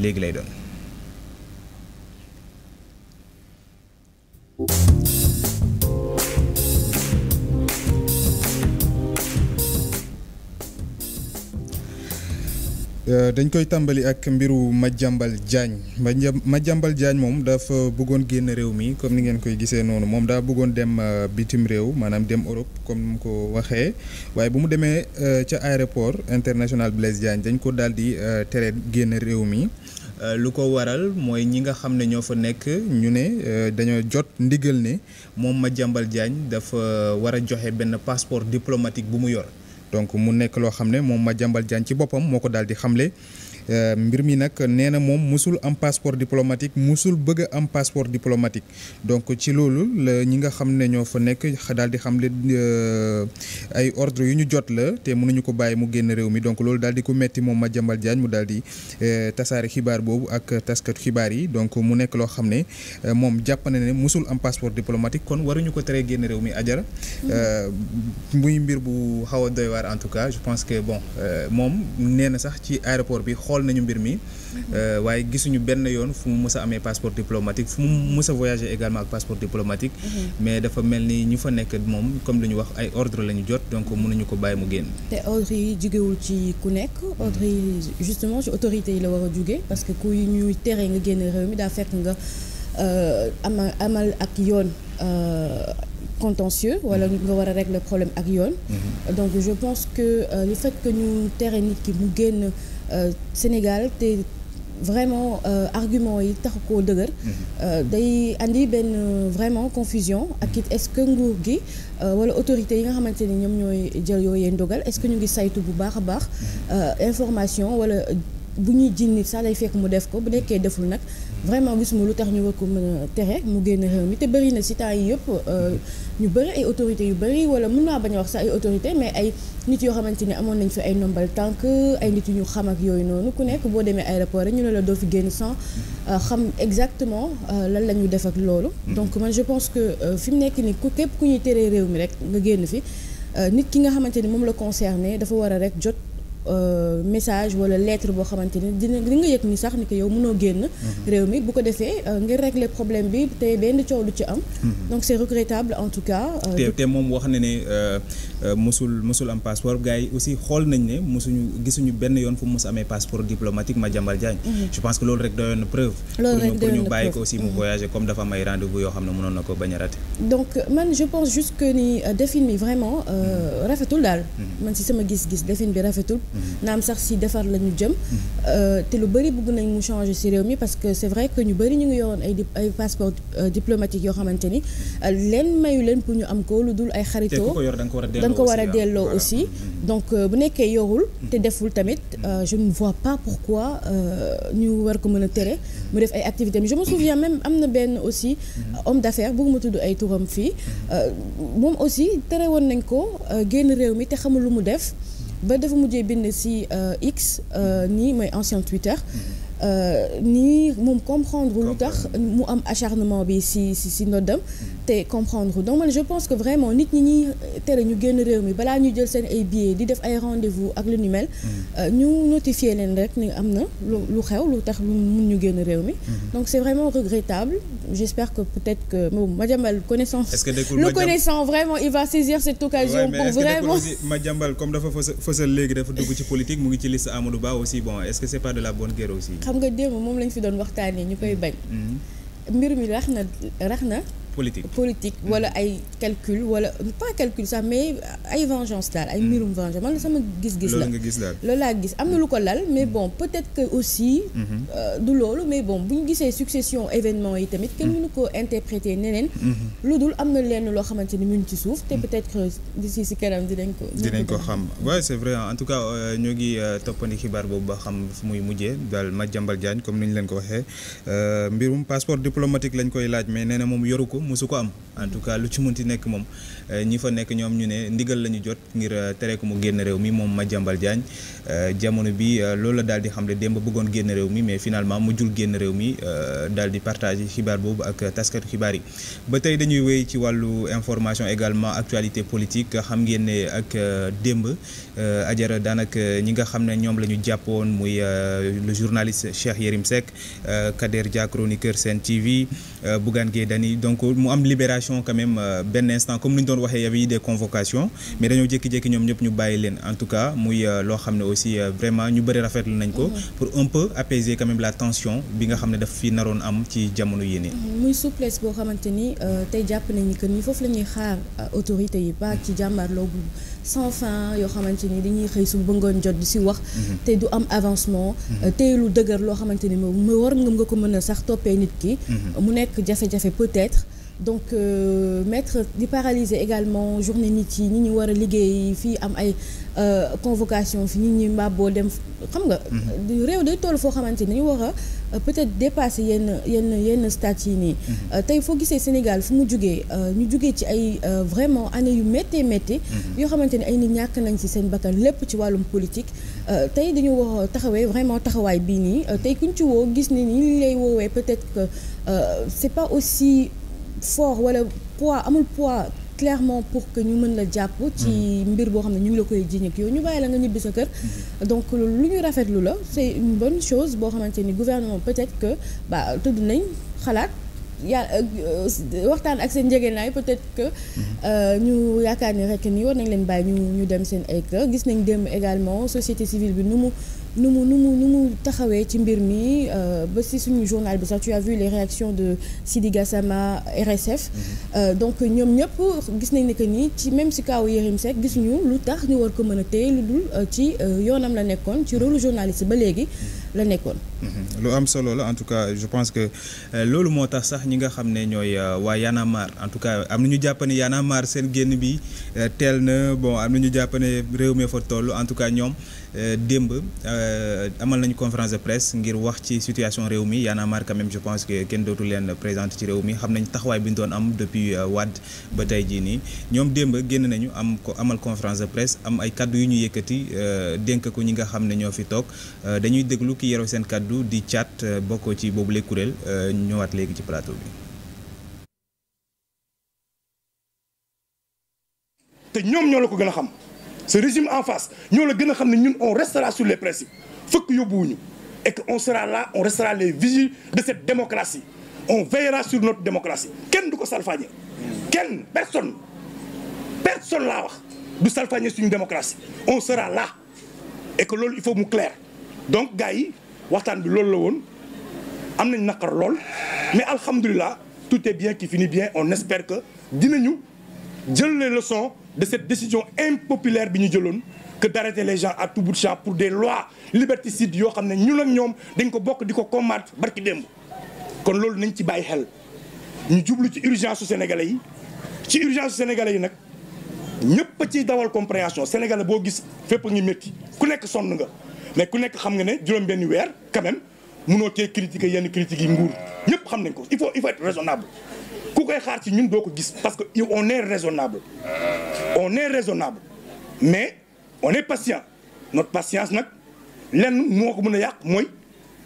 léegi lay doon euh, dañ koy tàmbali ak mbiru ma Madiambal ma jàmbal Diagne moom dafa bëggoon génn réew mi comme ni ngeen koy gisee noonu moom daa bëggoon dem euh, bitim réew maanaam dem Europe comme ni ko waxee waaye bu mu demee euh, ca aéroport international Blaise Diagne dañ ko daal di tere génn réew mi Euh, lu ko waral mooy ñi nga xam ne ñoo fa nekk ñu ne euh, dañoo jot ndigal ne moom ma Madiambal Diagne dafa euh, war a joxe benn passeport diplomatique bu mu yor donc mu nekk loo xam ne moom ma Madiambal Diagne ci boppam moo ko daal di xamle Euh, mbir mi nag nee na moom mosul am passeport diplomatique musul bëgg a am passeport diplomatique donc ci loolu la ñi nga xam ne ñoo fa nekk daal di xam le euh, ay ordre yu ñu jot la te mënuñu ko bàyyi mu génn réew mi donc loolu daal di ko metti moom Madiambal Diagne mu daal di euh, tasaare xibaar boobu ak taskatu xibaar yi donc mu nekk loo xam ne moom jàpp na ne mosul am passeport diplomatique kon waruñu ko teree génn réew mi ajara mm. muy mbir bu xaw a doy waar en tout cas je pense que bon moom nee na sax ci aéroport bi xool xool nañu mbir mi euh, waaye gisuñu benn yoon fu mu mës a amee passeport diplomatique fu mu mës a voyager également ak passeport diplomatique mm-hmm. mais dafa mel ni ñu fa nekk moom comme lu ñu wax ay ordre la ñu jot donc mënuñu ko bàyyi mu génn te ordre yi jugewul ci ku nekk ordre yi justement ci autorité yi la war a jugee parce que ku ñuy tere nga génn réew mi daa fekk nga euh, amal amal ak yoon euh, contentieux wala mm-hmm. nga war a régler problème ak yoon mm-hmm. donc je pense que le fait que ñu tere nit ki mu Euh, Sénégal te vraiment euh, argument yi taxu koo dëgër. Mhm. Euh, day andi benn vraiment confusion ak it est-ce que nguur gi walla autorité yi nga xamante ni ñoom ñooy jël yooyee ndogal est-ce que ñu ngi saytu bu baax a baax mhm. information walla bu ñuy jiin nit sax day fekk mu def ko bu nekkee deful nag. vraiment gisuma lu tax ñu war ko mën a texe mu génn réew mi te bari na si temps yi yëpp euh, ñu bëri ay autorités yu bëri wala mën naa bañ a wax sax ay autorité mais ay nit yoo xamante ni amoon nañ fi ay nombal tànk ay nit ñu xam ak yooyu noonu ku nekk boo demee aéroport rek ñu ne la doo fi génn sans euh, xam exactement euh, lan la ñu def loolu mm. donc man je pense que fi mu nekk ni ku képp ku ñuy teree réew mi rek nga génn fi nit ki nga xamante ni moom la concerné dafa war a rek jot Euh, message wala lettre boo xamante ni dina di nga yëg ni sax ni ko yow mënoo génn mhm. réew mi bu ko defee euh, ngir régler problème bi te benn coow lu ci am mhm. donc c'est regrettable en tout cas euh, te moom wax na ne Euh, mosul mosul am passeport gars yi aussi xool nañ ne mosuñu benn yoon fu mu mos amee passeport diplomatique Madiambal Diagne mhm. je pense que loolu rek doyoon preuve pour ñu bàyyi ko aussi mu mhm. voyager comme dafa am ay na ko bañ donc man je pense juste que ni euh, defin bi vraiment euh, mhm. rafetul daal man si sama gis-gis defin bi rafetul naam sax si defar la ñu jëm te lu bëri bëgg nañ mu changer si réew mi parce que c'est vrai que ñu bëri ñu ngi yoroon ay ay passeport diplomatique yoo xamante ni leen mayu leen pour ñu am ko lu dul ay da ko war delloo aussi donc euh, bu nekkee yorul te deful tamit euh, je ne vois pas pourquoi euh, ñu war ko mën a tere mu def ay activités mais je même am na benn aussi mhm. homme d'affaires bëgguma tudd ay turam fii moom aussi tere woon nañ ko génn réew mi te xamul lu mu def ba dafa mujjee bind si X ni mooy ancien Twitter mhm. nii moom comprendre lu tax mu am acharnement bi si si si ndoddam mhm. te comprendre donc man je pense que vraiment nit ñi ñuy tere ñu génn réew mi bala ñu jël seen ay billets di def ay rendez-vous ak lu ni mel. Mm. Euh, ñu notifier leen rek ni am na lu lu xew lu tax lu mun ñu génn réew mi. Mm-hmm. donc c'est vraiment regrettable j'espère que peut-être que moom Madiambal connaissance. comme dafa fës fësal léegi dafa dugg ci politique mu ngi ci liste Amadou Ba aussi bon est-ce que c'est pas de la bonne guerre aussi. xam nga démb moom lañ fi doon waxtaanee ñu koy mm. bañ. Mm. mbir mi rax na rax na. politique politique mm. wala ay calcul wala pas calcul sax mais ay vengeance daal ay mm. mbirum vengeance man sama gis-gis la loolu laa gis am na lu ko lal mais mm. bon peut-être que aussi mm-hmm. euh, du loolu mais bon bu ñu gisee succession événement yi tamit kenn mënu ko interpréter neneen mm-hmm. lu dul am na lenn loo xamante ni mu ngi ci suuf te peut-être que d'ici si kanam dinañ ko dinañ ko xam waaw c'est vrai en tout cas euh, ñoo ngi euh, toppandi xibaar boobu ba xam fu muy mujjee daal Madiambal Diagne comme ni ñu leen ko waxee mbirum passeport diplomatique lañ koy laaj mais nee na moom yoru ko mosu ko am en tout cas lu ci ti nekk moom euh, ñi fa nekk ñoom ñu ne ndigal la ñu jot ngir euh, tere ko mu génn réew mi moom ma jàmbal Diagne euh, jamono bi loolu la daal di xamle démb bëggoon génn réew mi mais finalement mu mujjul génn réew mi daal di partager xibaar boobu ak taskatu xibaar yi. ba tey dañuy wéy ci wàllu information également actualité politique xam ngeen ne ak démb ajara daanaka ñi nga xam ne ñoom la ñu jàppoon muy le journaliste Cheikh Yérim Seck Kader Dia chroniqueur Sen TV Bougane Gueye Dany donc. mu am libération quand même euh, benn instant comme ni ñu doon waxee y avait eu mais dañoo jékki-jékki ñoom ñëpp ñu bàyyi leen en tout cas muy euh, loo xam ne aussi euh, vraiment ñu bëri rafetlu nañ ko mm-hmm. pour un peu apaiser quand la tension bi nga xam ne daf fi naroon am ci jamono yii nii. Mm-hmm. muy souplesse boo xamante ni tey jàpp nañu que ni foofu la ñuy xaar autorité yi ba ci jàmbaarloo bu sans fin yoo xamante ni dañuy xëy su bëggoon jot di si wax. Mm-hmm. te du am avancement. tey lu dëgër loo xamante ni moom war nga ko mën a sax toppee nit ki. mu nekk jafe-jafe peut-être. donc euh, maître di paralyser également journée nit yi ñi ñu war a liggéey fii am ay euh, convocation fi nit ñi boo dem xam nga mhm. euh, réew day toll foo xamante ni dañu war a euh, peut-être dépasser yenn yenn yenn stade yi nii mhm. tey foo gisee Sénégal fu mu jugee ñu jugee ci ay vraiment année yu méttee méttee mhm. yoo xamante ni ay nit ñàkk nañ ci seen bakkan lépp ci wàllum politique tey dañu war taxawee vraiment taxawaay bii nii tey kuñ ci woo gis ne ni lay woowee peut-être que c'est pas aussi fort wala poids amul pois clairement pour que ñu mën la jàpp ci mm-hmm. mbir boo xam ne ñu ngi la koy jiñ ak yooyu ñu bàyyi la nga ñibbi sa kër mm-hmm. donc lu ñu rafetlu la c'est une bonne chose boo xamante ni gouvernement peut-être que ba tudd nañ xalaat yaa euh, waxtaan ak seen njege naay peut-être que mm-hmm. euh, ñu yaakaar ni rek ni war nañ leen bàyyi ñu ñu dem seen ay kër gis nañ dem également société civile bi nu mu nu mu nu mu nu mu taxawee ci mbir mi euh, ba si suñu journal bi sax tu as vu les réactions de Sidi Gassama RSF mhm. euh, donc ñoom ñëpp gis nañ ne que ni ci même si kaaw Yérim Seck gis ñu lu tax ñu war ko mën a téye lu dul euh, ci yoonam la nekkoon ci rôle journaliste ba léegi mhm. la nekkoon Mhm. lu am solo la en tout cas je pense que euh, loolu moo tax sax ñi nga xam ne ñooy euh, waa Y'en a en tout cas am na ñu jàpp ne Y'en a marre euh, teel na bon am na ñu jàpp ne réew mi fa toll en tout cas ñoom démb amal nañu conférence de presse ngir wax ci situation réew mi Y'en a marre même je pense que kenn dootu leen présenter ci réew mi xam nañ taxawaay bi ñu doon am depuis Wade ba tey jii nii ñoom démb génn nañu am ko amal conférence de presse am ay kaddu yu ñu yëkkati dénk ko ñi nga xam ne ñoo fi toog dañuy déglu ki yoroo seen kaddu Abdou di Thiat euh, bokkoo ci boobule kuréel euh, ñëwaat léegi ci plateau te ñoom ñoo la ko gën a xam ce régime en face ñoo la gën a xam ne ñun on restera sur les principes fëkk yóbbuwuñu et que on sera là on restera les vigiles de cette démocratie on veillera sur notre démocratie kenn du ko salfaañe kenn personne personne laa wax du salfaañe suñu démocratie on sera là et que loolu il faut mu clair donc gars yi waxtaan bi loolu la woon am nañ naqar lool mais alhamdulilah tout est bien qui finit bien on espère que dinañu jël les leçons de cette décision impopulaire bi ñu jëloon que d'arrêter les gens à tout bout de champ pour des lois liberticides yoo xam ne ñu ak ñoom dañ ko bokk di ko combattre barki démb kon loolu nañ ci bàyyi xel ñu jublu ci urgence su sénégalais yi ci urgence su sénégalais yi nag ñëpp a ciy dawal compréhension sénégalais boo gis fépp a ngi métti ku nekk sonn nga mais ku nekk xam nga ne juróom-benn weer quand même munoo cee critiquer yenn critiques yi nguur ñëpp xam nañ ko il faut il faut être raisonnable ku koy xaar ci ñun doo ko gis parce que on est raisonnable on est raisonnable mais on est patient notre patience nag lenn moo ko mën a yàq mooy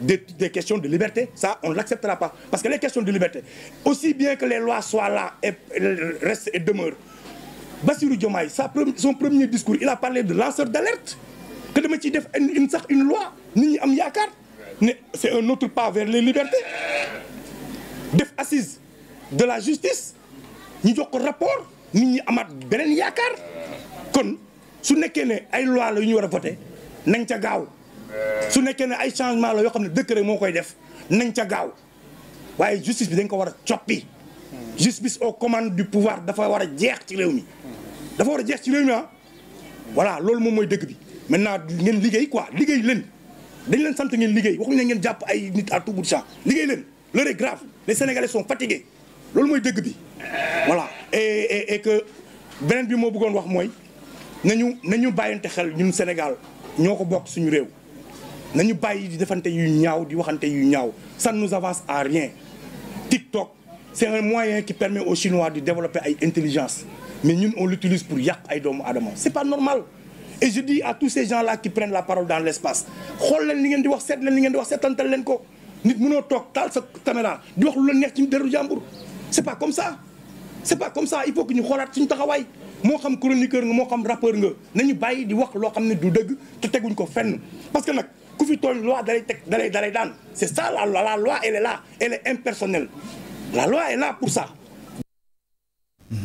des des questions de liberté ça on l'acceptera pas parce que les questions de liberté aussi bien que les lois soient là et restent et demeurent Bassirou Diomaye sa son premier discours il a parlé de lanceur d'alerte que ma ciy def une sax une loi nit ñi am yaakaar ne c'est un autre pas vers les libertés def assise de la justice ñu jox ko rapport nit ñi amaat beneen yaakaar kon su nekkee ne ay loi la yu ñu war a voté nañ ca gaaw su nekkee ne ay changement la yoo xam ne dëkk rek moo koy def nañ ca gaaw waaye justice bi dañ ko war a coppi justice aux commandes du pouvoir dafa war a jeex ci réew mi dafa war a jeex ci réew mi ah voilà loolu moom mooy dëgg bi maintenant ngeen liggéey quoi liggéey leen dañ leen sant ngeen liggéey waxuñu ne ngeen jàpp ay nit à tout bout de champ liggéey leen l'heure est grave les sénégalais fatigués loolu mooy dëgg bi voilà et et que beneen bi moo buggoon wax mooy nañu nañu bàyyante xel ñun Sénégal ñoo ko bokk suñu réew na ñu bàyyi di defante yu ñaaw di waxante yu ñaaw ça ne nous avance à rien TikTok c'est un moyen qui permet aux Chinois de développer ay intelligence mais ñun on l'utilise pour yàq ay doomu aadama c'est pas normal et je dis à tous ces gens là qui prennent la parole dans l' espace xool leen li ngeen di wax seet leen li ngeen di wax seetantal leen ko nit sa caméra di wax lu la neex ci deru jàmbur c' est comme ça c' est pas ñu xoolaat suñu taxawaay moo xam chroniqueur nga moo xam rappeur nga nañu bàyyi di wax loo xam ne du dëgg te teguñ ko fenn parce que nag ku fi tooñ loi dalay teg dalay dalay daan c' est ça la la loi elle est là elle la loi est là mmh.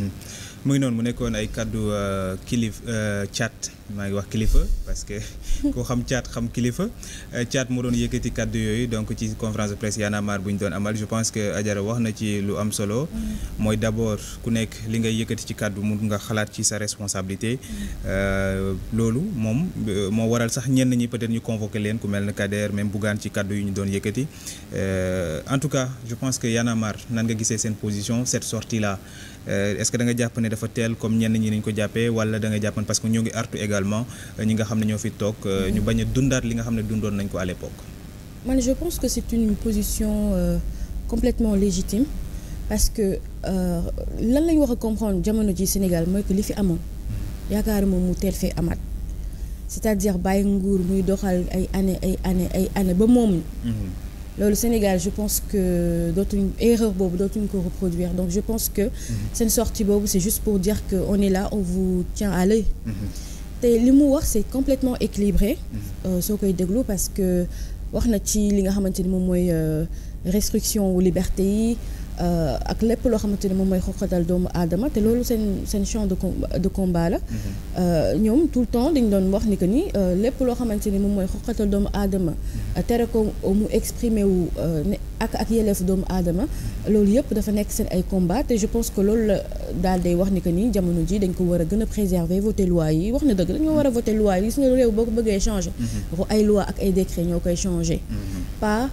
mu noonu mu nekkoon ay kaddu euh, kilif euh, chat. maa ngi wax kilifa parce que koo xam caat xam kilifa euh, caat moo doon yëkkati kàddu yooyu donc ci conférence de presse Y'en bu ñu doon amal je pense que Adjara wax na ci lu am solo mm. mooy d'abord ku nekk li ngay yëkkati ci kàddu mun nga xalaat ci sa responsabilité mm. euh, loolu moom euh, moo waral sax ñenn ñi peut-être ñu convoqué leen ku mel ne Kader même Bougane ci kàddu yu ñu doon yëkkati en tout cas je pense que Y'en a marre nan nga gisee seen position cette sortie là également euh, ñi nga xam ne ñoo fi toog euh, ñu bañ a dundaat li nga xam ne dundoon nañ ko à l'époque man je pense que c'est une position euh, complètement légitime parce que euh, lan lañu wax a comprendre jamono ji Sénégal mooy li fi amoon yaakaar moom mu teel fee amaat c'est-à-dire bàyyi nguur muy doxal ay année ay année ay année ba moom mm-hmm. loolu Sénégal je pense que dootuñ erreur boobu dootuñ ko reproduire donc je pense que mm-hmm. seen sortie boobu c'est juste pour dire que on est là on vous tient te li mu wax c'est complètement équilibré mhm. euh, soo koy déglu parce que wax na ci li nga xamante ni moom mooy euh, restriction wu liberté yi Euh, ak lépp loo xamante ni moom mooy xoqatal doomu aadama te loolu seen seen champ de de combat la. Mhm. Euh, ñoom tout le temps dañ doon wax ni que ni euh, lépp loo xamante ni moom mooy xoqatal doomu aadama. Mhm. tere ko mu exprimer wu ne ak ak yelleef doomu aadama loolu yëpp dafa nekk seen ay combat te je pense que loolu la daal day wax ni que ni jamono ji dañ ko war a gën a préserver voter loi yi wax na dëgg dañoo war a voter loi yi gis nga réew boo ko bëggee changer. Mhm. ay loi ak ay décret ñoo koy changer. pas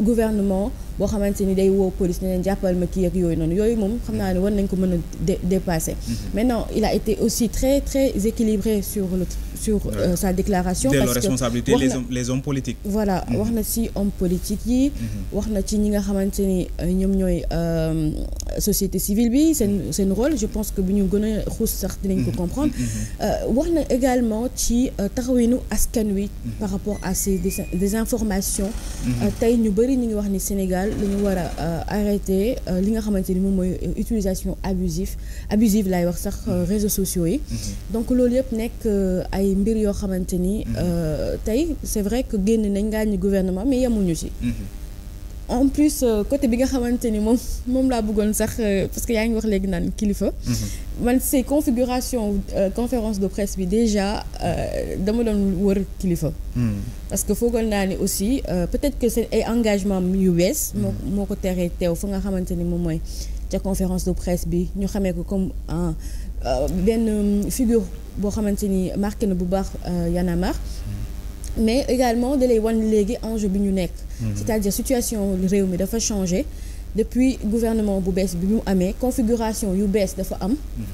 gouvernement. boo xamante ni day woo police ne leen jàppal ma kii ak yooyu noonu yooyu moom xam naa ne war nañ ko mën a mais mm-hmm. maintenant il a été aussi très très équilibré sur le sur euh, sa déclaration de parce que responsabilité les hommes les politiques voilà mm-hmm. wax na ci homme politique yi mm-hmm. wax na ci ñi nga xamante ni euh, ñoom ñooy euh, société civile bi seen seen rôle je pense que bu ñu gën a xuus sax dinañ ko comprendre euh, wax na également ci taxawinu askan wi par rapport à ces des informations tey ñu bëri ñu ngi wax ni Sénégal daal dañu war a euh, arrêter euh, li nga xamante ni moom mooy euh, utilisation abusive abusive laay wax sax réseaux sociaux yi mhm. donc loolu yëpp nekk ay mbir yoo xamante ni mhm. tey c'est vrai que génne nañ ngaa ñi gouvernement mais yemuñu ci mhm. en plus euh, côté bi nga xamante ni moom moom laa bëggoon sax euh, parce que yaa ngi wax léegi naan kilifa. Mhm. man ces configuration euh, conférence de presse bi déjà dama doon war kilifa. Mhm. parce que foogoon naa ni aussi peut-être que seen ay engagement yu wees mhm. moo moo ko teree teew fa nga xamante ni moom mooy ca conférence de presse bi ñu xamee ko comme ah, benn figure boo xamante ni marqué na bu baax Y'en mais également da lay wan léegi enjeu bi ñu nekk. Mhm. c'est-à-dire situation réew mi dafa changer depuis gouvernement bu bees bi mu amee configuration yu bees dafa am. Mhm.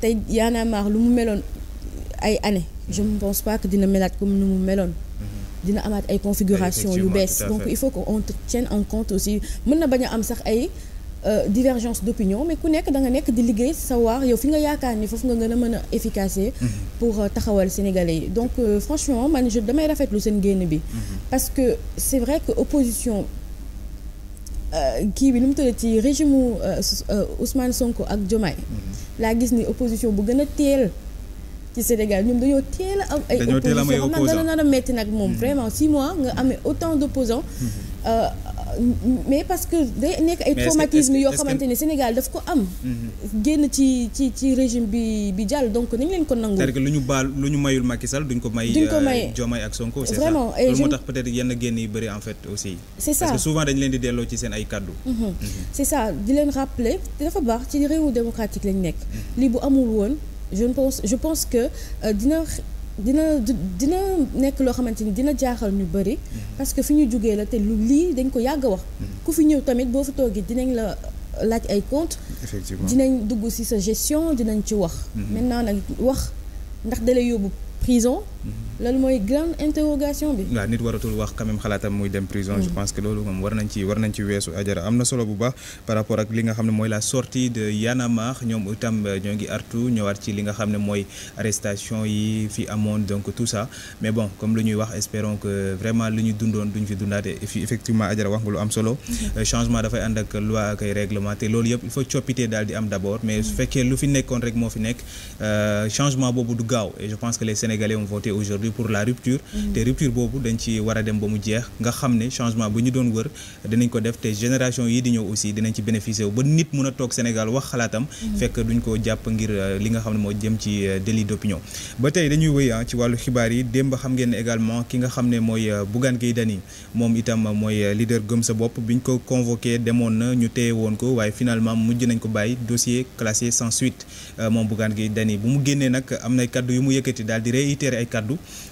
tey Y'en lu mu meloon ay années. je ne pense pas que dina melaat comme nu mu meloon. Mhm. dina amaat ay configuration yu bees donc il faut qu'on tienne en compte aussi mën na bañ a am sax ay. Euh, divergence d'opinion mais ku nekk da nga nekk di liggéey sa waar yow fi nga yaakaar ni foofu nga gën a mën a efficace mhm. pour euh, taxawal sénégalais yi donc euh, franchement man je damay rafetlu seen génn bi mhm. parce que c'est vrai que opposition kii bi nu mu tuddee ci régime Ousmane Sonko ak Diomaye mhm. laa gis ni opposition bu gën a teel ci Sénégal ñoom dañoo teel a am ay opposition xam naa dana nar a metti nag moom vraiment six mois nga amee autant d'opposants mais parce que day nekk ay traumatisme yoo xamante ne Sénégal daf ko am mhm. génn ci ci ci régime bi bi jàll donc nañ leen ko nangu c'est-à-dire lu ñu baal lu ñu mayul Macky Sall duñ ko may duñ ko euh, may Diomaye ak Sonko c'est ça vraiment moo tax peut yenn génn bëri en fait aussi c'est ça parce que souvent dañ leen di delloo ci seen ay kàddu mhm. mhm. c'est ça di leen rappeler dafa baax ci réewu démocratique lañ nekk lii bu amul woon je pense que euh, dina dina dina nekk loo xamante ni dina jaaxal ñu bëri. parce que fi ñu jógee la te lu lii dañ ko yàgg a wax. ku fi ñëw tamit boo fi toogee dinañ la laaj ay compte dinañ dugg si sa gestion dinañ ci wax. Mhm. maintenant nag wax ndax dalay yóbbu prison. Mhm. loolu mooy grande interrogation bi. waaw nit waratul wax quand xalaatam muy dem prison. je mm. pense que loolu moom war nañ ci war nañ ci weesu ajara am na solo bu baax par rapport ak li nga xam ne mooy la sortie de Y'en a marre ñoom itam euh, ñoo ngi artu ñëwaat ci li nga xam ne mooy arrestation yi fi amoon donc tout ça mais bon comme lu ñuy wax espérons que vraiment lu ñu dundoon duñ fi dundaate effectivement ajara wax nga lu am solo. Mm-hmm. Euh, changement dafay ànd ak loi ak ay loolu yëpp il daal di am d' abord mais su mm-hmm. fekkee lu fi nekkoon rek moo fi nekk euh, changement boobu du gaaw et je pense aujourd'hui pour la rupture mm-hmm. te rupture boobu dañ ci war a dem ba mu jeex nga xam ne changement bu ñu doon wër dinañ ko def te génération yi di ñëw aussi dinañ ci bénéficier wu ba nit mun a toog Sénégal wax xalaatam mm-hmm. fekk duñ ko jàpp ngir euh, li nga xam ne moo jëm ci euh, délit d'opinion ba tey dañuy wéy ah, ci wàllu xibaar yi démb xam ngeen ne également ki nga xam ne mooy euh, Bougane Gueye Dany moom itam mooy leader gëm sa bopp biñ ko convoqué demoon na ñu téye woon ko waaye finalement mujj nañ ko bàyyi dossier classé sans suite moom Bougane Gueye mu génnee nag am na ay yu mu yëkkati daal di réitérer ay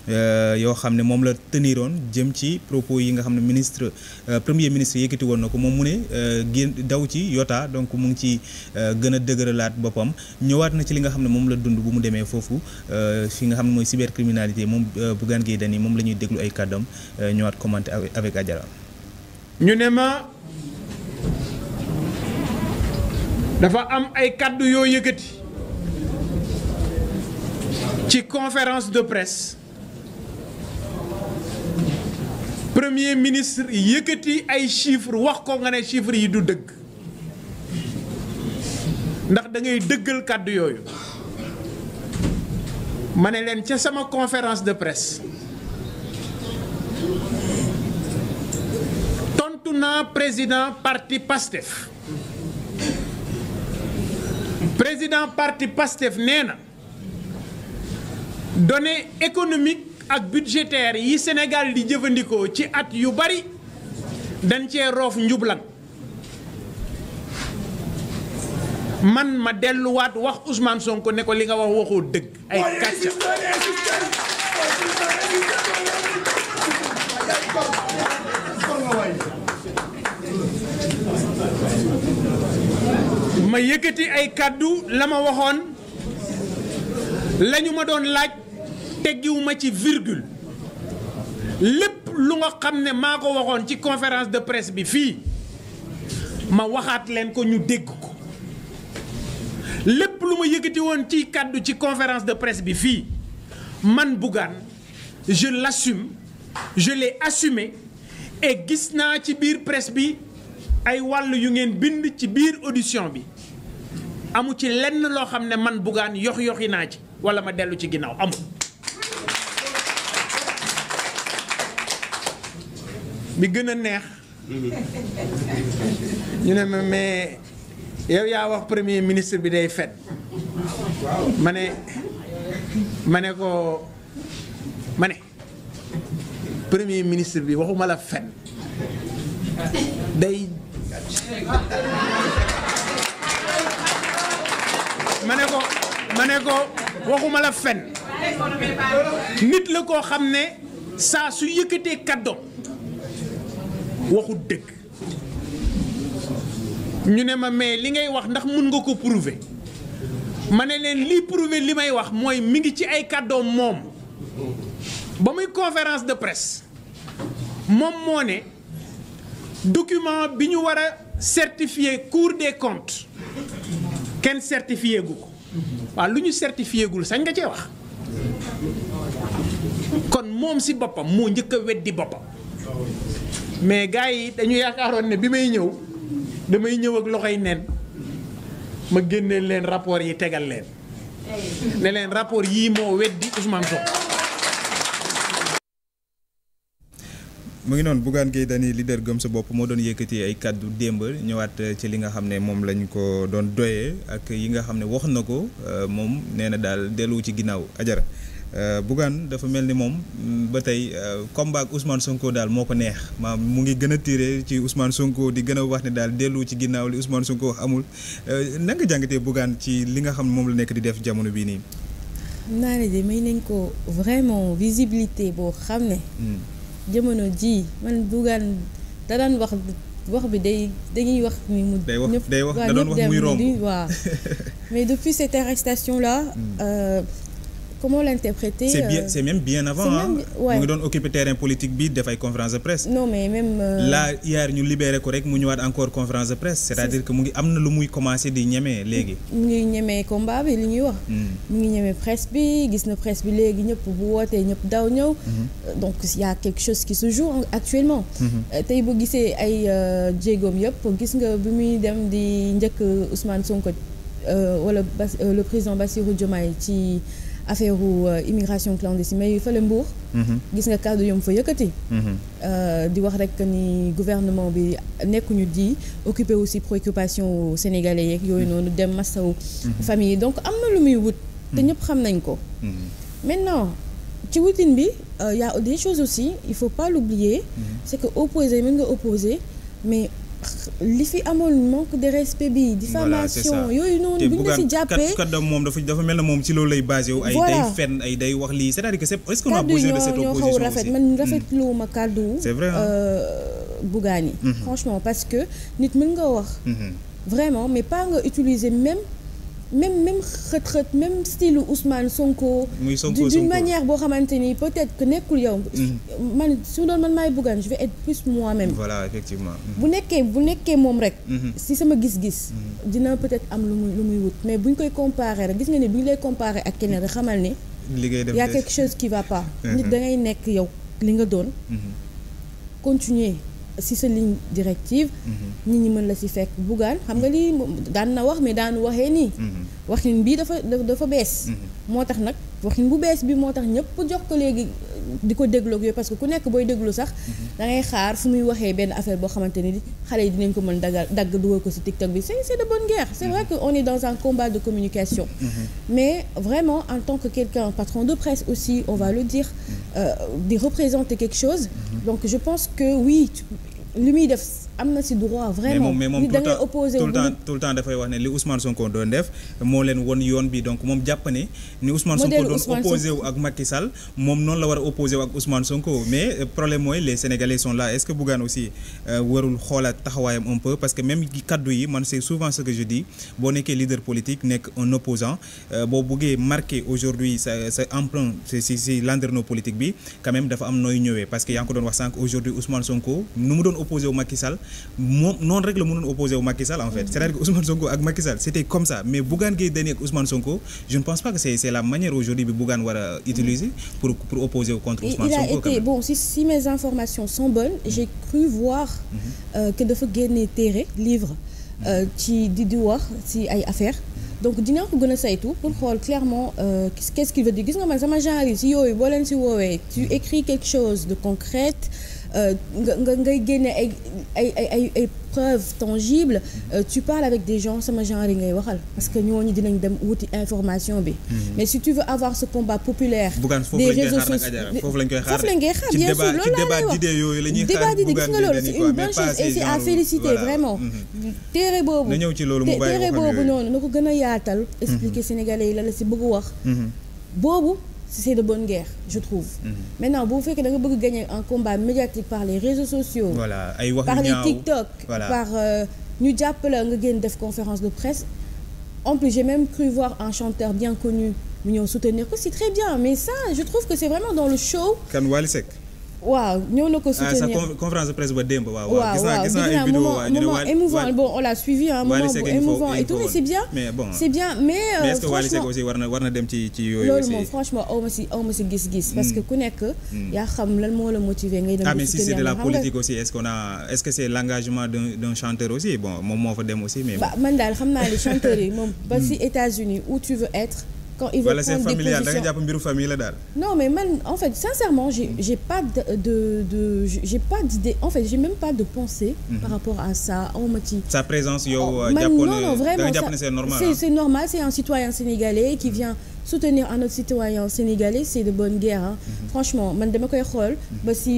Euh, yoo xam ne moom la tëniroon jëm ci propos yi nga xam ne ministre euh, premier ministre yëkkati woon na ko moom mu ne euh, génn daw ci yota donc mu ngi ci gën a dëgëralaat boppam ñëwaat na ci li nga xam ne moom la dund bu mu demee foofu fi nga xam ne mooy cybercriminalité moom Bougane Gueye Dany moom la ñuy déglu ay kàddoom ñëwaat commenté avec Adjara ñu ne ma dafa am ay kàddu yoo yëkkati ci conférence de press premier ministre yëkkati ay chiffres wax ko nga ne chiffres yi du dëgg ndax dangay dëggal kàddu yooyu ma ne leen ca sama conférence de presse tontu naa président parti PASTEF président parti PASTEF nee na données économiques. ak budgétaire yi Sénégal di jëfandikoo ci at yu bari dañ cee roof njublag man ma delluwaat wax usmaan Sonko ne ko li nga wax waxoo dëgg ay kàcca ma yëkkati ay kàddu la ma waxoon lañu ma doon laaj teggiwuma ci virgule lépp lu nga xam ne maa ko waxoon ci conférence de presse bi fii ma waxaat leen ko ñu dégg ko lépp lu ma yëkkati woon ci kàddu ci conférence de presse bi fii man Bougane je l'assume je l'ai assumé et gis naa ci biir presse bi ay wàll yu ngeen bind ci biir audition bi amu ci lenn loo xam ne man Bougane yox yoxi naa ci wala ma dellu ci ginnaaw amul bi gën a neex ñu ne ma mais yow yaa wax premier ministre bi day fet ma ne ma ne ko ma ne premier ministre bi waxuma la fen day ma ne ko ma ne ko waxuma la fen nit la koo xam ne saa su yëkkatee kàddoom waxut dëgg ñu ne ma mais li ngay wax ndax mun nga ko prouver ma ne leen lii prouver li may wax mooy mi ngi ci ay kàddoom moom ba muy conférence de presse moom moo ne document bi ñu war a certifier Cour des comptes kenn certifié gu ko waa lu ñu certifié gul sañ nga cee wax kon moom si boppam moo njëkk a weddi boppam. mais gars yi dañu yaakaaroon ne bi may ñëw damay ñëw ak loxoy nen ma génneel leen rapport yi tegal leen ne leen rapport yii moo weddi Ousmane Sonko mu ngi noonu Bougane Gueye Dany leader gëm sa bopp moo doon yëkkati ay kàddu démb ñëwaat eh, ci li nga xam ne moom lañ ko doon doyee ak yi nga xam ne wax na ko eh, moom nee na daal dellu ci ginnaaw ajara Euh, Bougane dafa mel ni moom mm, ba tey euh, combat ak Ousmane Sonko daal moo ko neex maam mu ngi gën a tiré ci usmaan Sonko di gën a wax ne daal dellu ci ginnaaw li Ousmane Sonko amul euh, na nga jàngatee ci li nga xam ne moom la nekk di def jamono bii nii. naa ne de may nañ ko vraiment visibilité boo xam ne. Hmm. ji man Bougane da daan wax wax bi day dañuy wax muy mu. day wax day wax da doon wax muy romb waaw mais depuis cette arrestation là. Hmm. comment l'interpréter c'est bien euh, c'est même bien avant mu ngi doon occuper terrain politique bi def ay conférence de presse non mais même euh, là hier ñu libéré ko rek mu ñëwaat encore conférence de presse c'est-à-dire que mu ngi am na lu muy commencé di ñemee léegi mu ngi ñemee combat bi li ñuy wax mm. mu ngi ñemee presse bi gis na presse bi léegi ñëpp bu wootee ñëpp daw ñëw mm-hmm. euh, donc il y a quelque chose qui se joue actuellement mm-hmm. tey bu gisee ay jéegoom yëpp gis nga bi muy dem di njëkk Ousmane Sonko wala le président Bassirou Diomaye ci affaire euh, immigration clandestine mais fële Mbour. Mhm. gis nga kàddu yom fa yëkkati. Mhm. Euh, di wax rek ni gouvernement bi nekkuñu di occuper aussi préoccupation sénégalais yeeg yooyu mhm. noonu dem massawu. famille yi donc am na lu muy wut. te ñëpp xam nañ ko. maintenant ci wutin bi euh, y a des choses aussi il faut pas l'oublier c'est que opposer mën nga opposer mais. li fi amoon manque de respect bi. diffamation yooyu noonu bu ñu la si jàppee te moom dafa dafa mel ne moom ci loolu lay basé wu. ay day fen ay day wax lii c'est-à-dire que c'est est-ce qu'on a besoin de rafet man hmm. ma kàddu. c'est euh, hmm. franchement parce que nit mën nga wax. Hmm. vraiment mais pas nga utiliser même. même même xët-xët même style Ousmane Sonko. muy Sonko d'une manière boo xamante ni peut-être que nekkul yow. Mm-hmm. man su doon man maay Bougane je vais être plus moi-même. Mm-hmm. bu nekkee bu nekkee moom rek. Mm-hmm. si sama gis-gis. dina peut-être am lu muy lu muy wut mais bu ñu koy comparer rek gis nga ne bu ñu lay comparer ak keneen xamal ni liggéey def y a quelque chose qui va pas. nit da ngay nekk yow li nga doon. continuer. si sa ligne directive. Mhm. nit ñi mën la si fekk bugaan xam nga lii daan na wax mi daanu waxee nii. Mhm. waxin bii dafa dafa bees. Mhm. moo tax nag waxin bu bees bi moo tax ñëpp jox ko léegi di ko déglu ak yooyu parce que ku nekk booy déglu sax mhm. da ngay xaar fu muy waxee benn affaire boo xamante ni xale yi dinañ ko mën dagal dagg dugal ko ci TikTok bi c'est c'est de bonne guerre c'est vrai mhm. que on est dans un combat de communication mhm. mais vraiment en tant que quelqu'un patron de presse aussi on va le dire euh, di représenter quelque chose donc je pense que oui li muy def am na si droit vraiment mais moom tout le temps tout le temps dafay wax ne li Ousmane Sonko doon def moo leen won yoon bi donc moom jàpp ne ni Ousmane Sonko doon opposé wu ak Macky Sall moom noonu la war a opposé wu ak Ousmane Sonko mais euh, problème mooy les Sénégalais sont là est-ce que Bougane aussi euh, warul xoolaat taxawaayam un peu parce que même kaddu yi man c'est souvent ce que je dis boo nekkee leader politique nekk un opposant euh, boo buggee marqué aujourd'hui sa sa empreinte si si bi quand même dafa am nooy ñëwee parce que yaa ngi ko doon wax sànq aujourd'hui Ousmane Sonko nu mu doon moom noonu rek la mënoon opposé en fait c'est à dire que Sonko ak Macky c'était comme ça mais Bougane Gueye Dany ak Sonko je ne pense pas que c'est la manière aujourd'hui bi Bougane war a utiliser pour pour opposer wu contre Ousmane Sonko. il a été bon si si mes informations sont bonnes mm-hmm. j'ai cru voir mm-hmm. euh, que dafa génne téere livre euh, mm-hmm. ci di di wax ci ay affaires donc dinaa ko gën a saytu pour xool clairement euh, qu'est-ce qu'il veut dire gis nga man sama genre yi si Euh, nga ngay génne ay ay ay ay preuves tangibles euh, tu parles avec des gens sama genre yi ngay waxal parce que ñooñu dinañ dem wuti information bi. Mm-hmm. mais si tu veux avoir ce combat populaire. des réseaux sociaux foofu lañ koy xaar foofu lañ koy xaar bien sûr loolu laa lay nga loolu c'est une bonne et c'est à féliciter vraiment. Mm-hmm. téere boobu na ñëw téere boobu noonu na ko gën a yaatal. Mm-hmm. expliquer Sénégalais yi la la si bëgg wax. boobu. c'est de bonne guerre je trouve. Mm -hmm. maintenant bu fekkee da nga bëgg gagner un combat médiatique par les réseaux sociaux. par les TikTok. par euh, ñu jàppale nga génn def conférence de presse. en plus j'ai même cru voir un chanteur bien connu mu ñëw soutenir ko c'est très bien mais c'est vraiment dans le show. waaw ñëw na ko ah, soutenir sa conférence de presse ba démb waaw waaw gis naa gis naa waaw moment émouvant bon on l'a suivi hein moment bu émouvant et tout c'est bien c'est bien mais euh, est-ce war na war na dem ci ci yooyu loolu moom franchement aw si gis-gis parce que hmm. ku nekk hmm. yaa xam lan moo la motiver ngay dem ah de la politique aussi est-ce qu'on a est l'engagement d'un chanteur aussi bon moom moo fa dem aussi mais man daal xam naa ne chanteur quand ils veulent voilà, prendre des positions da nga jàpp mbiru famille la daal. non mais man en fait sincèrement j'ai j'ai pas de de, de j'ai pas d'idée en fait j'ai même pas de pensée. Mm -hmm. par rapport à ça on ma ci. sa présence yow. Oh, euh, jàppoon non non vraiment c'est normal c'est normal c'est un citoyen sénégalais qui mhm. vient soutenir un autre citoyen sénégalais c'est de bonne guerre hein. Mm -hmm. franchement man dama koy xool mhm. ba si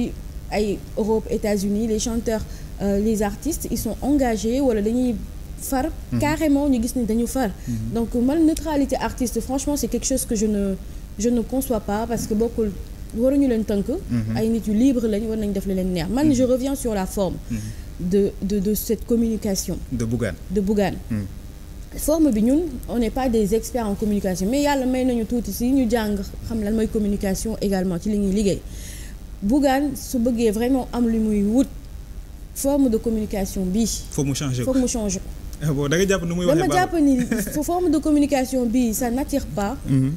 ay Europe États-Unis les chanteurs euh, les artistes ils sont engagés wala dañuy. far mhm. carrément ñu gis ni dañu far mhm. donc man neutralité artiste franchement c'est quelque chose que je ne je conçois pas parce que bokkul ñu leen tënk mhm. ay nit yu libre lañ war nañ def la leen neex man je reviens sur la forme de de cette communication de Bougane de Bougane forme bi ñun on n'est pas des experts en communication mais yàlla may nañu tuuti si ñu jàng xam lan mooy communication également ci li ñuy liggéey Bougane su bëggee vraiment am li muy wut forme de communication bi. faut mu changer ko Eh, bon da nga jàpp nu muy dama jàpp ni forme de communication bi sa n'attire pas. Mhm.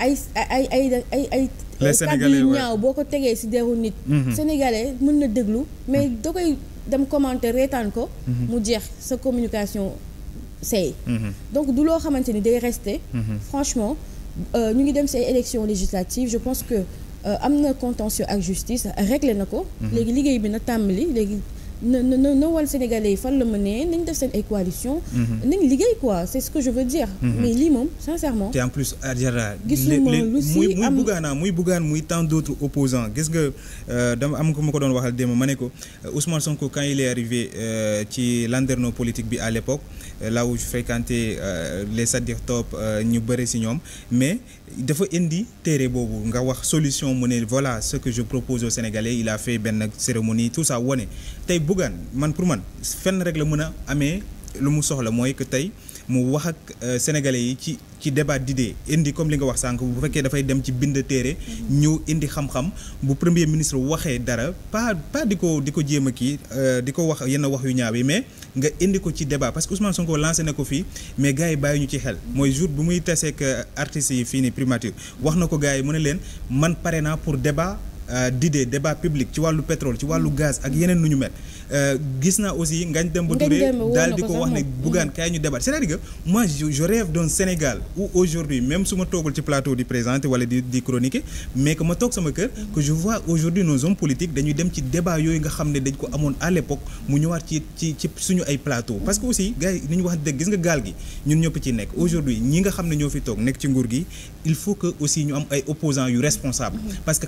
ay ay ay ay ay. les sénégalais yu ñaaw boo ko tegee si deru nit. Mhm. sénégalais mën na déglu mais mhm. da dem commenter reetaan ko. mu jeex sa communication say. donc du loo xamante ni day rester. franchement euh, ñu ngi dem ci ay élections législatives je pense que euh, am na contentieux ak justice réglé na ko. léegi liggéey bi na tàmbali léegi. na na na wal sénégalais yi fan la mënee nañ def seen ay coalition mhm. nañ liggéey quoi c'est ce que je veux dire mhm. mais lii moom sincèrement te en plus Adjara gis lu si muy muy buggaan muy tant d'autres opposants gis nga euh, dama am ko ma ko doon wax démb ma ne ko euh, Ousmane Sonko quand il est arrivé euh, ci landerneau politique bi à l'époque là où je fréquentais les Sadikh Top ñu bëri si ñoom mais dafa indi téere boobu nga wax solution mu ne voilà ce que je propose aux Sénégalais il a fait benn cérémonie tout ça wone tey Bougane man pour man fenn rek la mën a amee lu mu soxla mooy que tey mu wax ak euh, sénégalais yi ci ci débat d'idées indi comme li nga wax sànq bu fekkee dafay dem ci bind téere mhm. ñu indi xam-xam bu premier ministre waxee dara pas pas di ko di ko jéem a kii euh, di ko wax yenn wax yu ñaaw yi mais nga indi ko ci débat parce que Ousmane Sonko lancé na ko fii mais gars yi bàyyi ñu ci xel mooy jour bu muy taseek euh, artistes yi fii ni primature wax na ko gars yi mu ne leen man pare naa pour débat Euh, d'idée débat public ci wàllu pétrole ci wàllu gaz ak yeneen nu ñu mel euh, gis naa aussi Ngagne Demba Touré daal di ko wax ne Bougane mm. kaay ñu débat c'est-à-dire que moi je rêve d'un Sénégal où aujourd'hui même su ma toogul ci plateau di présenter wala di di chroniquer mais que ma toog sama kër mm. que je vois aujourd'hui nos hommes politiques dañuy dem ci débat yooyu nga xam ne dañ ko amoon à l'époque mu ñëwaat ci ci ci suñu ay plateau parce que aussi gars yi ni ñu wax dëgg gis nga gaal gi ñun ñëpp ci nekk aujourd'hui ñi nga xam ne ñoo fi toog nekk ci nguur gi il faut aussi ñu am ay opposants yu responsables mm-hmm. parce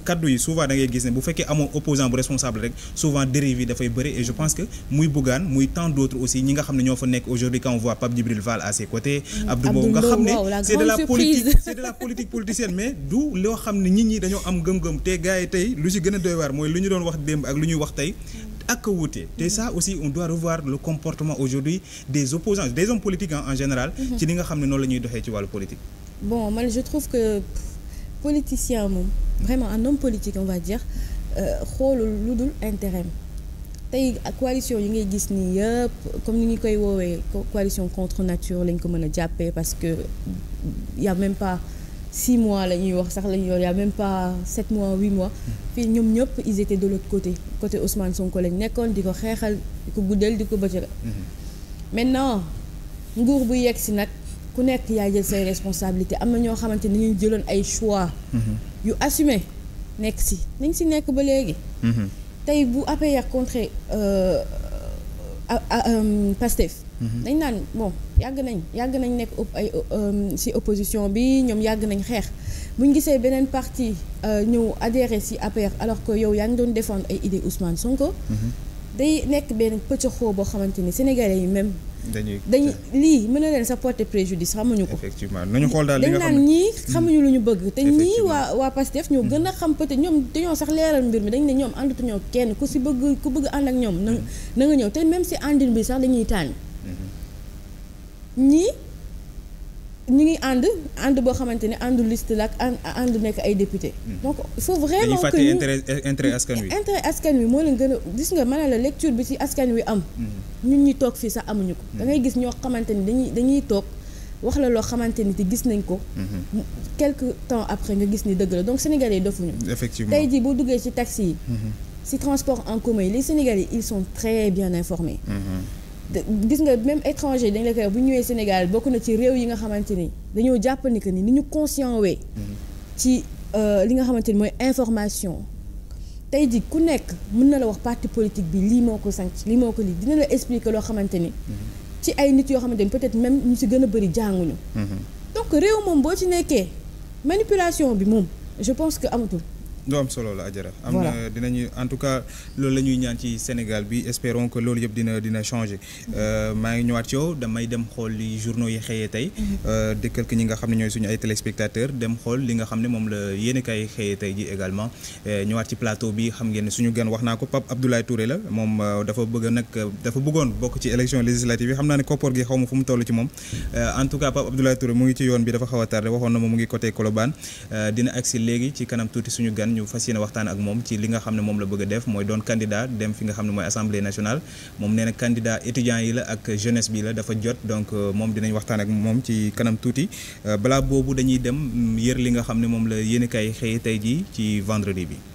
da ngay gis ne bu fekkee amoo opposant bu responsable rek souvent dérive yi dafay bëri et je pense que muy Bougane muy tant d'autres aussi ñi nga xam ne ñoo fa nekk aujourd'hui quand on voit Pape Djibril à ses côtés mm. Abdou Mbow nga xam ne c'est de la politique c'est de la politique politicienne mais du loo xam ne nit ñi dañoo am gëm-gëm te gars tey lu ci gën a mooy lu ñu doon wax démb ak lu ñuy wax tey ak wuute te ça aussi on doit revoir le comportement aujourd'hui mm-hmm. la ñuy doxee ci wàllu politique politicien moom vraiment un homme politique on va dire euh, xoolul lu dul intérêt tey coalition yi ngay gis nii yëpp comme ni ñu koy woowee coalition contre nature lañ ko mën a jàppee parce que y a même pas six mois la ñuy wax sax la ñuy yor y même pas sept mois huit mois fii ñoom ñëpp ils étaient de l'autre côté côté Ousmane Sonko lañ nekkoon di ko xeexal di ko guddal di ko bëccëg mhm. maintenant nguur bu yegg si nag ku nekk yaay jël say responsabilité am na ñoo xamante ni ñu jëloon ay choix. Mhm. yu assumé nekk si niñ si nekk ba léegi. Mhm. tey bu APR contre euh, euh, Pastef. Mhm. dañ naan bon yàgg nañ yàgg nañ nekk ay euh, si opposition bi ñoom yàgg nañ xeex bu gisee beneen parti ñëw adhéré si APR alors que yow yaa ngi doon défendre ay idées Ousmane Sonko. day nekk benn pëcc xoo xamante ni sénégalais yi même. dañuy dañuy lii mën na leen sa porter préjudice xamuñu ko. effectivement nañu xool daal dañ naan ñii xamuñu lu ñu bëgg. te ñii waa waa Pastef ñoo gën a xam peut être ñoom dañoo sax leeral mbir mi dañ ne ñoom àndatuñoo kenn ku si bëgg ku bëgg ànd ak ñoom na mm-hmm. nga ñëw te même si àndin bi sax dañuy tànn mm-hmm. ñii ñu ngi ànd ànd boo xamante ne àndu liste la ak ànd nekk ay député hmm. donc il faut vraiment que ñu intérêt askan wi moo leen gën a gis nga maanaam la lecture bi ci askan wi am hmm. ñun ñi toog fii sax amuñu ko hmm. da ngay gis ñoo xamante ni dañuy dañuy toog wax la loo xamante ni te gis nañ ko quelque temps après nga gis ni dëgg la donc sénégalais yi dofuñu effectivement tey jii boo duggee ci taxi yi ci transport en commun yi les sénégalais ils sont très bien informés gis nga même étranger dañ la koy bu ñëwee Sénégal bokk na ci réew yi nga xamante ni dañoo jàpp ni que ni ni ñu conscient wee mm-hmm. ci euh, li nga xamante ni mooy information tey ji ku nekk mën na la wax parti politique bi lii moo ko sanc lii moo ko lii dina la expliquer loo xamante ni mm-hmm. ci ay nit yoo xamante ni peut-être même ñu si gën a bëri jànguñu mm-hmm. donc réew moom boo ci nekkee manipulation bi moom je pense que amatul lu solo la Ajara am na en tout cas loolu la ñuy ñaan ci Sénégal bi espérons que loolu yëpp dina dina changer euh, maa ngi ñëwaat ci yow damay dem xool li journaux yi xëyee tey mhm. euh, dëkkal ki ñi nga xam ne ñooy suñu ay téléspectateurs dem xool li nga xam ne moom la yéeni kaay xëyee tey ji également euh, ñëwaat ci plateau bi xam ngeen ne suñu gan wax naa ko Pape Abdoulaye Touré la moom dafa bëgg nag dafa bëggoon bokk ci élection législative yi xam naa ne koppoor gi xaw ma fu mu toll ci moom en tout cas Pape Abdoulaye ngi ci yoon bi dafa xaw a waxoon na moom mu ngi côté Colobane dina agsi léegi ci kanam tuuti suñu gan ñu fas yéene waxtaan ak moom ci li nga xam ne moom la bëgg a def mooy doon candidat dem fi nga xam ne mooy assemblée nationale moom nee na candidat étudiant yi la ak jeunesse bi la dafa jot donc euh, moom dinañ waxtaan ak moom ci kanam tuuti euh, balaa boobu dañuy dem yër li nga xam ne moom la yéene kay xëye tey jii ci vendredi bi